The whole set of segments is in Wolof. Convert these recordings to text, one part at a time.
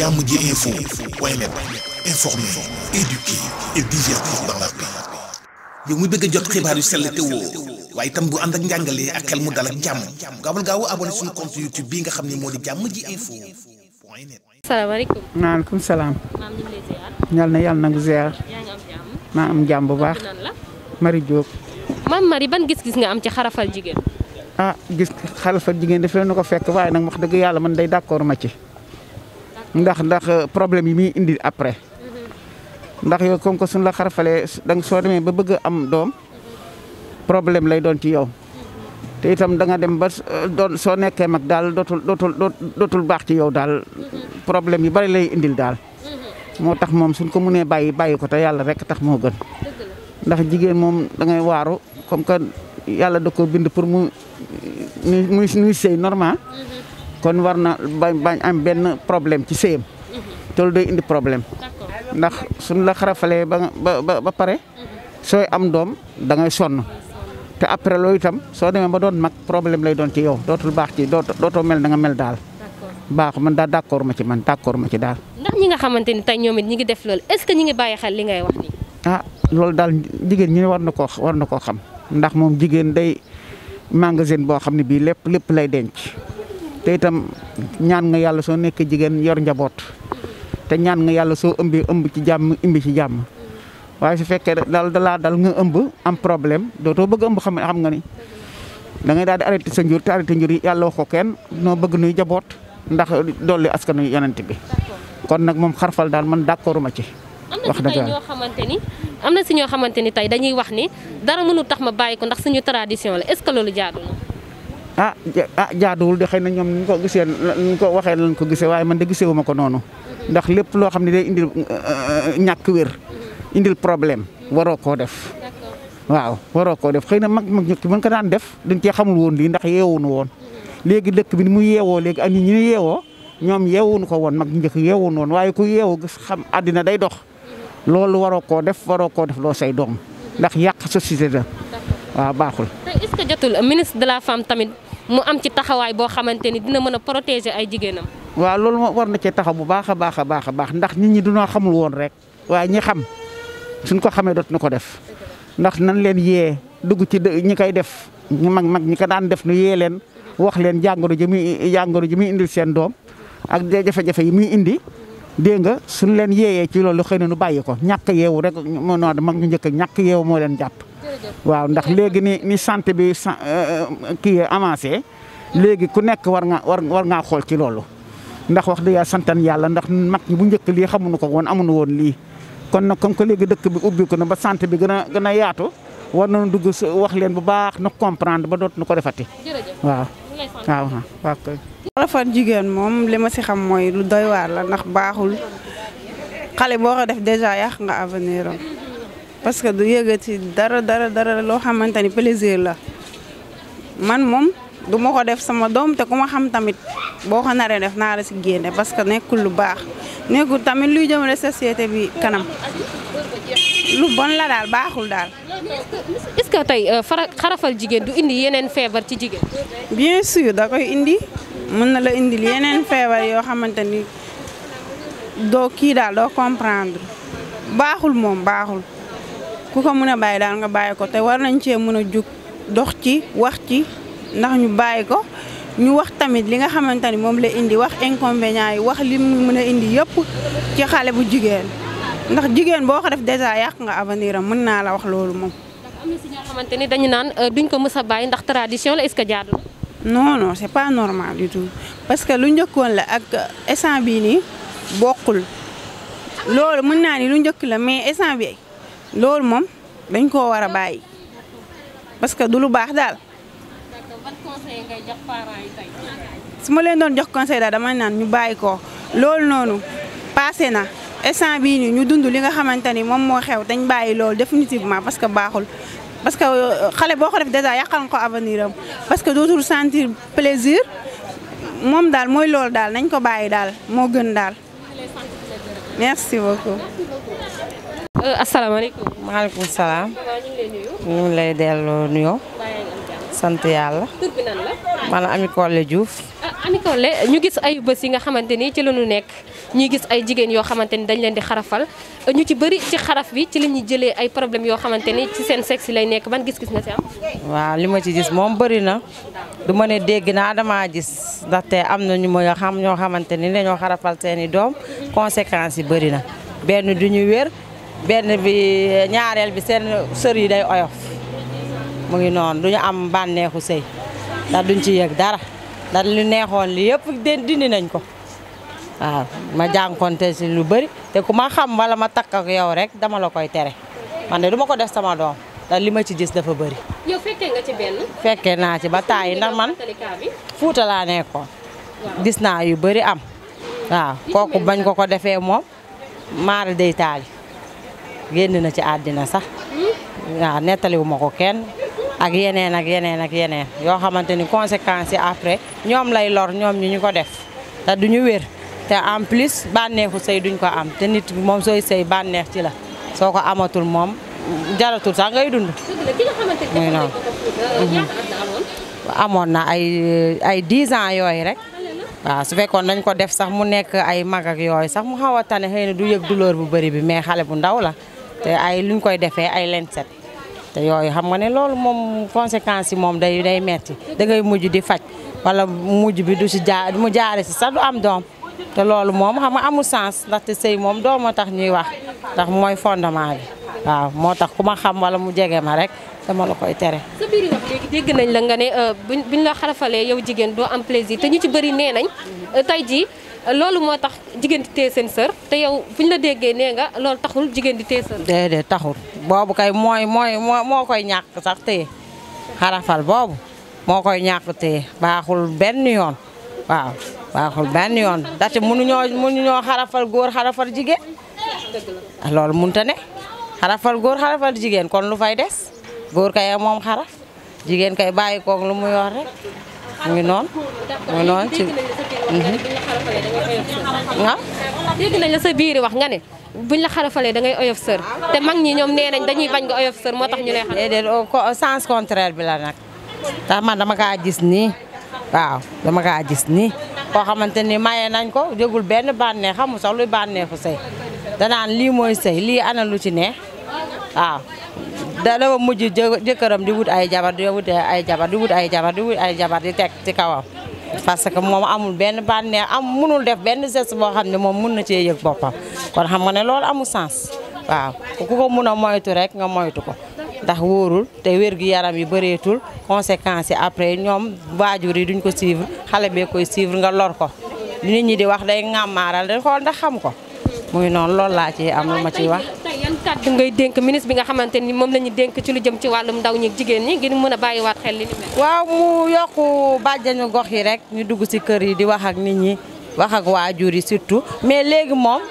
jàmm ji info point net jot xibaar yu sell te woo waaye itam bu ànd ak njàngalee ak ak jàmm gaawal gaaw abonné xam ne moo di jàmm ji info point net. salaamaaleykum. maaleykum salaam. maam na yàlla nangu ziar. yaa maa am jàmm bu baax. Marie Diop. maam Marie ban gis-gis nga am ci xarafal jigéen. ah gis xarafal jigéen daf leen ko fekk waaye nag wax dëgg yàlla mën day d'accord ma ci. ndax ndax euh, problème yi muy indi après ndax yow comme que suñ la xarfalee da soo demee ba bëgg am doom problème lay doon ci yow te itam da nga dem ba euh, doon soo nekkee mag daal dootul dootul dootul baax ci yow daal problème yu bari lay indil daal moo tax moom suñ ko mënee bàyyi bàyyi ko te yàlla rekk tax moo gën ndax jigéen moom da waaru comme que yàlla da ko bind pour mu muy muy sëy normal. kon war na bañ am benn problème ci séyam te mhm. day indi problème ndax suñ la xarafalee ba ba ba ba pare mhm. sooy am doom dangay sonn te après loolu itam soo demee ba doon mag problème lay doon ci yow dootul baax ci dootoo mel na nga mel daal. baax man daal d'accord ma ci man d'accord ma ci daal. ndax ñi nga xamante ni tey ñoom it ñi ngi def loolu est que ñi ngi bàyyi xel li ngay wax nii. ah loolu daal jigéen ñi war na koo war na koo xam ndax moom jigéen day magasin boo xam ne bii lépp lépp lay denc. te tam ñaan nga yàlla soo nekkee jigéen yor njaboot te ñaan nga yàlla soo ëmbee ëmb ci jàmm imbi ci jàmm waaye su fekkee daal dalaa dal nga ëmb am problème dootoo bëgg ëmb xam xam nga ni dangay ngay daal di arrêté sa njur te arrêté njur yi yàlla wax ko kenn noo bëgg nuy jaboot ndax dolli askanu yonent bi kon nag moom xarfal daal man d'accorduma ci wax dëgg yàlla ñoo xamante ni am na si ñoo xamante ni tey dañuy wax ni dara mënu tax ma bàyyi ko ndax suñu tradition ah ah jaaduwul de xëy na ñoom ñu ko gisee ñu ko waxee lañ ko gisee waaye man de gisee wu ko noonu ndax lépp loo xam ne day indil euh, euh, ñàkk wér indil problème waroo koo def waaw waroo koo def xëy na mag mag ñëkk mën ko daan def dañ cee xamul woon lii ndax yeewuñu woon léegi dëkk bi ni mu yeewoo léegi ak ñi ñu yeewoo ñoom yeewuñu ko woon mag njëkk yeewuñu woon waaye ku yeewu gis xam àddina day dox loolu waroo koo def waroo koo def loo say doom ndax yàq société la waaw baaxul. mu am ci taxawaay boo xamante ni dina mën a protéger ay jigéenam. waaw loolu moo war na cee taxaw bu baax a baax a baax a baax ndax nit ñi dunoo xamul woon rek waaye ñi xam suñ ko xamee dootuñu ko def ndax nan leen yee dugg ci ñi koy def ñu mag mag ñi ko daan def nu yee leen wax leen jàngoro ji muy jàngoro ji muy indil seen doom ak jafe-jafe yi muy indi. dée nga suñ leen yeeyee ci loolu xëy na nu bàyyi ko ñàkk yeewu rek moo noo mag ñu njëkk ñàkk yeewu moo leen jàpp waaw ndax léegi ni ni santé bi euh, kii avancé léegi ku nekk war nga war war ngaa xool ci loolu ndax wax dëgg yàlla santan yàlla ndax mag bu njëkk lii xamuñu ko woon amuñu woon lii kon nag ko que léegi dëkk bi ubbi ko na ba santé bi gën a gën a yaatu war nañu dugg wax leen bu baax na comprendre ba dootuñu ko defati waaw waaw jigéen moom li ma si xam mooy lu la ndax baaxul xale boo ko def dèjà yàq nga avenir parce que du si dara dara dara loo xamante ni plaisir la man moom du ma ko def sama doom te ku ma xam tamit boo ko naree def naa si génne parce que nekkul lu baax nekkul tamit luy jëmale société bi kanam lu bon daal baaxul daal. est-ce que tey euh, xarafal jigéen du indi yeneen feebar ci jigéen. bien sûr indi mën na la indil yeneen feebar yoo xamante ni doo kii daal doo comprendre baaxul moom baaxul. ku ko mën a bàyyi daal nga bàyyi ko te war nañ cee mën a jug dox ci wax ci ndax ñu bàyyi ko ñu wax tamit li nga xamante ni moom la indi wax inconvénients yi wax li mu mën a indi yëpp ci xale bu jigéen ndax jigéen boo ko def dèjà yàq nga avenir am mën naa la wax loolu moom. xamante ni dañu naan euh, duñ ko mës a bàyyi ndax tradition la est-ce que jaadu la. non non c'est pas normal du tout parce que lu njëkkoon la ak instant bii nii bokkul loolu mën naa ni lu njëkk la mais instant bi loolu moom dañ koo war a bàyyi parce que du lu baax daal. su ma leen doon jox conseil daal dama naan ñu bàyyi ko loolu noonu passé na instant bii nii ñu dund li nga xamante ni moom moo xew dañ bàyyi loolu définitivement parce que baaxul. parce que euh, xale boo ko def déjà yàqal nga ko avenir am parce que dootul sentir plaisir moom daal mooy loolu daal nañ ko bàyyi daal moo gën daal. merci beaucoup. Euh, asalaamaaleykum. maaleykum salaam. ñu lay delloo nuyoo. sant yàlla. la. man Ami Collé Diouf. ah Ami ñu gis ay bés yi nga xamante ni ci la ñu nekk ñuy gis ay jigéen yoo xamante ni dañ leen di xarafal ñu ci bari ci xaraf bi ci la ñuy jëlee ay problème yoo xamante ni ci seen sexe lay nekk ban gis-gis nga si am. waaw li ma ci gis moom bëri na du ma ne dégg naa dama gis ndaxte am na ñu ma xam ñoo xamante ni dañoo xarafal seen doom conséquences yi bëri na benn du wér. benn bi ñaareel bi seen sër yi day oyof mu ngi noonu duñu am bànneexu sëy ndax duñ ci yëg dara ndax li neexoon li yëpp dindi nañ ko waaw ma jànkonte si lu bëri te ku ma xam wala ma takk ak yow rek dama la koy tere man de du ma ko def sama doom li ma ci gis dafa bëri. yow fekkee naa ci ba taay na man fuuta laa nekkoon. gis naa yu bëri am. waaw kooku bañ ko ko defee moom maara day taali génn na ci àddina sax waaw nettaliwu ma ko kenn ak yeneen ak yeneen ak yeneen yoo xamante ni conséquences yi après ñoom lay lor ñoom ñu ñu ko def te du ñu wér te en plus bànneexu sëy duñ ko am te nit moom sooy sëy bànneex ci la soo ko amatul moom jaratul sax ngay dund. muy noonu amoon na ay ay dix ans yooyu rek. waaw su fekkoon dañ ko def sax mu nekk ay mag ak yooyu sax mu xaw tane xëy na du yëg douleur bu bëri bi mais xale bu ndaw la. te ay ñu koy defee ay lenset te yooyu xam nga ne loolu moom conséquences yi moom day day metti da ngay mujj di faj wala mujj bi du si jaar mu jaare si sax du am doom te loolu moom xam nga amul sance ndaxte sëy moom doom moo tax ñuy wax ndax mooy fondement bi waaw moo tax ku ma xam wala mu jege ma rek dama la koy tere. sa biir wax dégg nañ la nga ne euh, buñ buñ la xarafalee yow jigéen doo am plaisir te ñu ci bëri nee nañ euh, tey jii. loolu moo tax jigéen di téye seen sër te yow bu ñu la déggee nee nga loolu taxul jigéen di téye sër. déedéet taxul boobu kay mooy mooy moo koy ñàkk sax téye xarafal boobu moo koy ñàkk téye baaxul benn yoon waaw baaxul benn yoon ndaxte mënuñoo mënuñoo xarafal góor xarafal jigéen. loolu mënta ne xarafal góor xarafal jigéen kon lu fay des góor kay moom xaraf jigéen kay bàyyi koog lu mu yor rek. mu ngi noonu. mu ngi noonu ci waaw. Mhm. dégg nañ la sa biir wax nga ne buñ la xarafalee da ngay oyof sër te mag ñi ñoom nee nañ dañuy bañ nga oyof sër moo tax ñu lay. déedéet sens contraire bi la nag ndax man dama kaa gis nii waaw dama kaa gis nii koo xamante ni maye nañ ko jégul benn bànneex xamu sax luy bànneexu sëy danaan lii mooy sëy lii ana lu ci neex waaw. dafa mujj jëkkëram di wut ay jabar di wut ay jabar di wut ay jabar di wut ay jabar di teg ci kawam parce que moom amul benn bànneex am munul def benn geste boo xam ne moom mun na cee yëg boppam kon xam nga ne lool amul sens waaw ku ko mun a moytu rek nga moytu ko ndax wóorul te wérgi yaram yi bëreetul conséquences yi après ñoom waajur yi duñ ko suivre xale bee koy suivre nga lor ko nit ñi di wax day ŋàmmaaral day xool ndax xam ko muy noonu loolu laa ci am ma ciy wax kàddu ngay dénk ministre bi nga xamante ni moom la ñu dénk ci lu jëm ci wàllum ndaw ñu jigéen ñi ngir mën a bàyyiwaat xel li ni mel. waaw mu yokku bàjjañu gox yi rek ñu dugg si kër yi di wax ak nit ñi wax ak waajur yi surtout mais léegi moom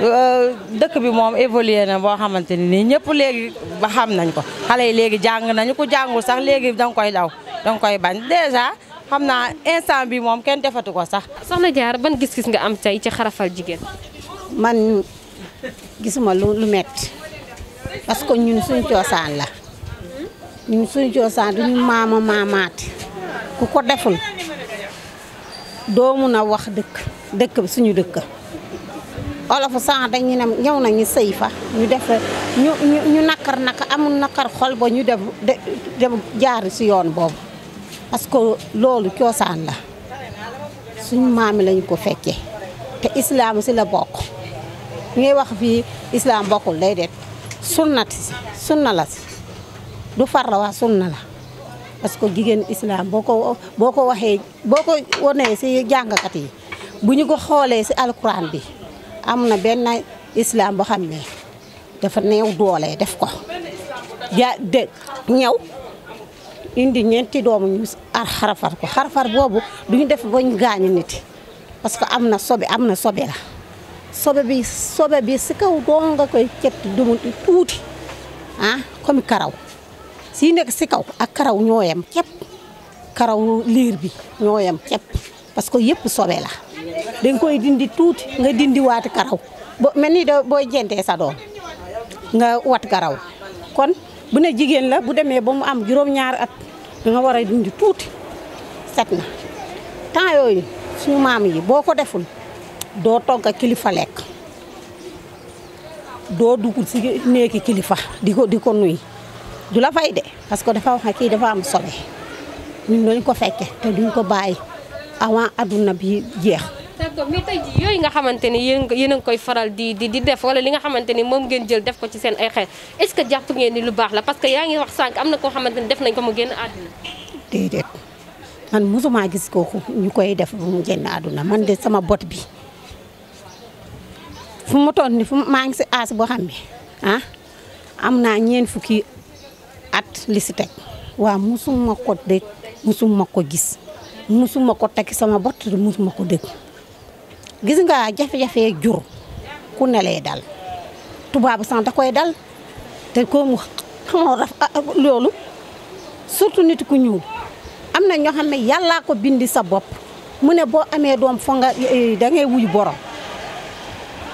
euh, dëkk bi moom évolué na boo xamante ni nii ñëpp léegi ba xam nañ ko xale yi léegi jàng nañu ko jàngul sax léegi danga koy daw danga koy bañ déjà xam na instant bi moom kenn defatu ko sax. soxna jaar ban gis-gis nga am tey ci xarafal jigéen. man gisuma lu lu metti parce que ñun suñ coosaan la ñun suñ coosaan duñu maama maamaati ku ko deful doomu mun a wax dëkk dëkk bi suñu dëkk olofu sax dañu ne ñëw nañu sëy fa ñu def ñu nakar naka amul nakar xol ba ñu def dem jaar si yoon boobu parce que loolu coosaan la suñ suñu maami lañu ko fekkee te islaam si la bokk ngay wax fii islaam bokkul day det sunnati sunna la si du farla wax sunna la parce que jigéen islam boo ko ko waxee boo ko wonee si jàngkat yi bu ñu ko xoolee si alquran bi am na benn islam boo xam ne dafa neew doole def ko ja dégg ñëw indi ñeenti doomu ñu xarafar ko xarafar boobu duñu def bañ gaañu nit parce que am na sobe am na sobe la sobe bi sobe bi si kaw doo nga koy cet dumu tuuti ah comme karaw si nekk si kaw ak karaw ñoo yem cepp karaw liir bi ñoo yem parce que yëpp sobe la dañ koy dindi tuuti nga dindi waati karaw bo mel ni da booy jentee sa doom nga wat karaw kon bu ne jigéen la bu demee ba mu am juróom-ñaari at da nga war a dindi tuuti set na temps yooyu suñu maam yi boo ko deful doo togg a kilifa lekk doo dugg si néegi kilifa di ko di ko nuy du la fay de parce que dafa wax ne kii dafa am sobe ñun dañ ko fekke te duñ ko bàyyi avant adduna bi jeex. d'accord mais tey jii yooyu nga xamante ni yéen yéen a koy faral di di di def wala li nga xamante ni moom ngeen jël def ko ci seen ay xel est-ce que jàpp ngeen ni lu baax la parce que yaa ngi wax sànq am na ko xamante ni def nañ ko mu génn àdduna. déedéet man mosuma gis kooku ñu koy def mu génn àdduna man de sama bot bi. fu mu ni nii fu maa ngi si aas boo xam ne ah am naa ñeen fukki at li si teg waaw musuma ko dégg musuma ko gis musuma ko teg sama bot musuma ko dégg gis nga jafe-jafe jur ku ne dal tubaab sax da koy dal te koomu xamoo raf ah, loolu surtout nit ku ñuul am na ñoo xam ne yàllaa ko bindi sa bopp mu ne boo amee doom fo nga eh, da ngay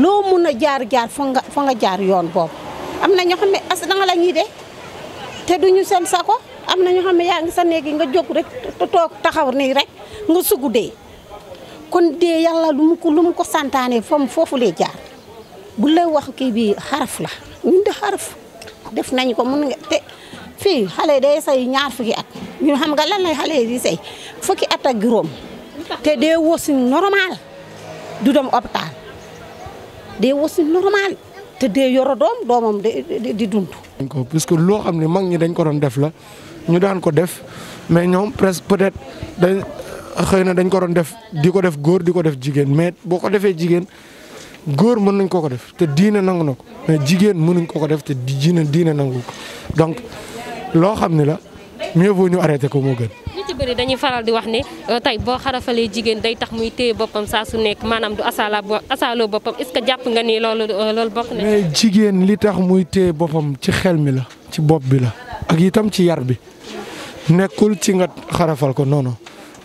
loo mun a jaar jaar fa nga fa nga jaar yoon boobu am na ñoo xam ne as danga la ñuy de te duñu seen ko am na ñoo xam yaa ngi sa néeg yi nga jóg rek te toog taxaw nii rek nga sugu dee kon dee yàlla lu ko lu mu ko santaane fam foofu lay jaar bu lay wax kii bi xaraf la ñun de xaraf def nañ ko mun nga te fii xale day say ñaar fukki at ñu xam nga lan lay xale di say fukki at ak juróom te dee wosin normal du dem hôpital day wasu normal te dee yoro doom doomam di dund. dañ ko puisque loo xam ne mag ñi dañ ko doon def la ñu daan ko def mais ñoom presque peut-être dañ xëy na dañ ko doon def di ko def góor di ko def jigéen mais boo ko defee jigéen góor mën nañ ko ko def te diine nangu na ko mais jigéen mënuñ ko ko def te diine diine nangu ko donc loo xam ni la mieux vaut ñu arrêté ko moo gën. dañuy faral di wax ni euh, tey boo xarafalee jigéen day tax muy téye boppam saa su nekk maanaam du asaala asaaloo boppam est jàpp nga ni loolu euh, loolu bokk na. mais jigéen li tax muy téye boppam ci xel mi la ci bopp bi la ak itam ci yar bi nekkul ci nga xarafal ko non non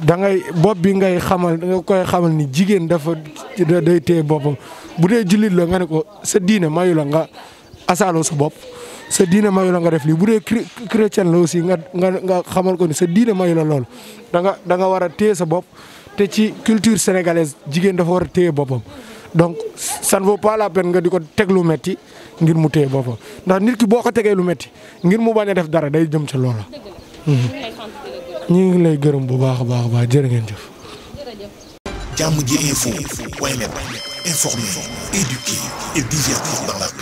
da ngay bopp bi ngay xamal da nga koy xamal ni jigéen dafa day téye boppam bu dee jullit la nga ne ko sa diine mayu nga asaaloo sa bopp. sa diine mayu nga def lii bu dee chrétien la aussi nga nga nga xamal ko ni sa diine mayu la loolu da nga da war a téye sa bopp te ci culture sénégalaise jigéen dafa war a téye boppam donc ça ne vaut pas la peine nga di ko teg lu metti ngir mu téye boppam ndax nit ki boo ko tegee lu metti ngir mu bañ a def dara day jëm ca loola. Hmm. ñu ngi lay gërëm bu baax a baax a baax jërë ngeen jëf. ji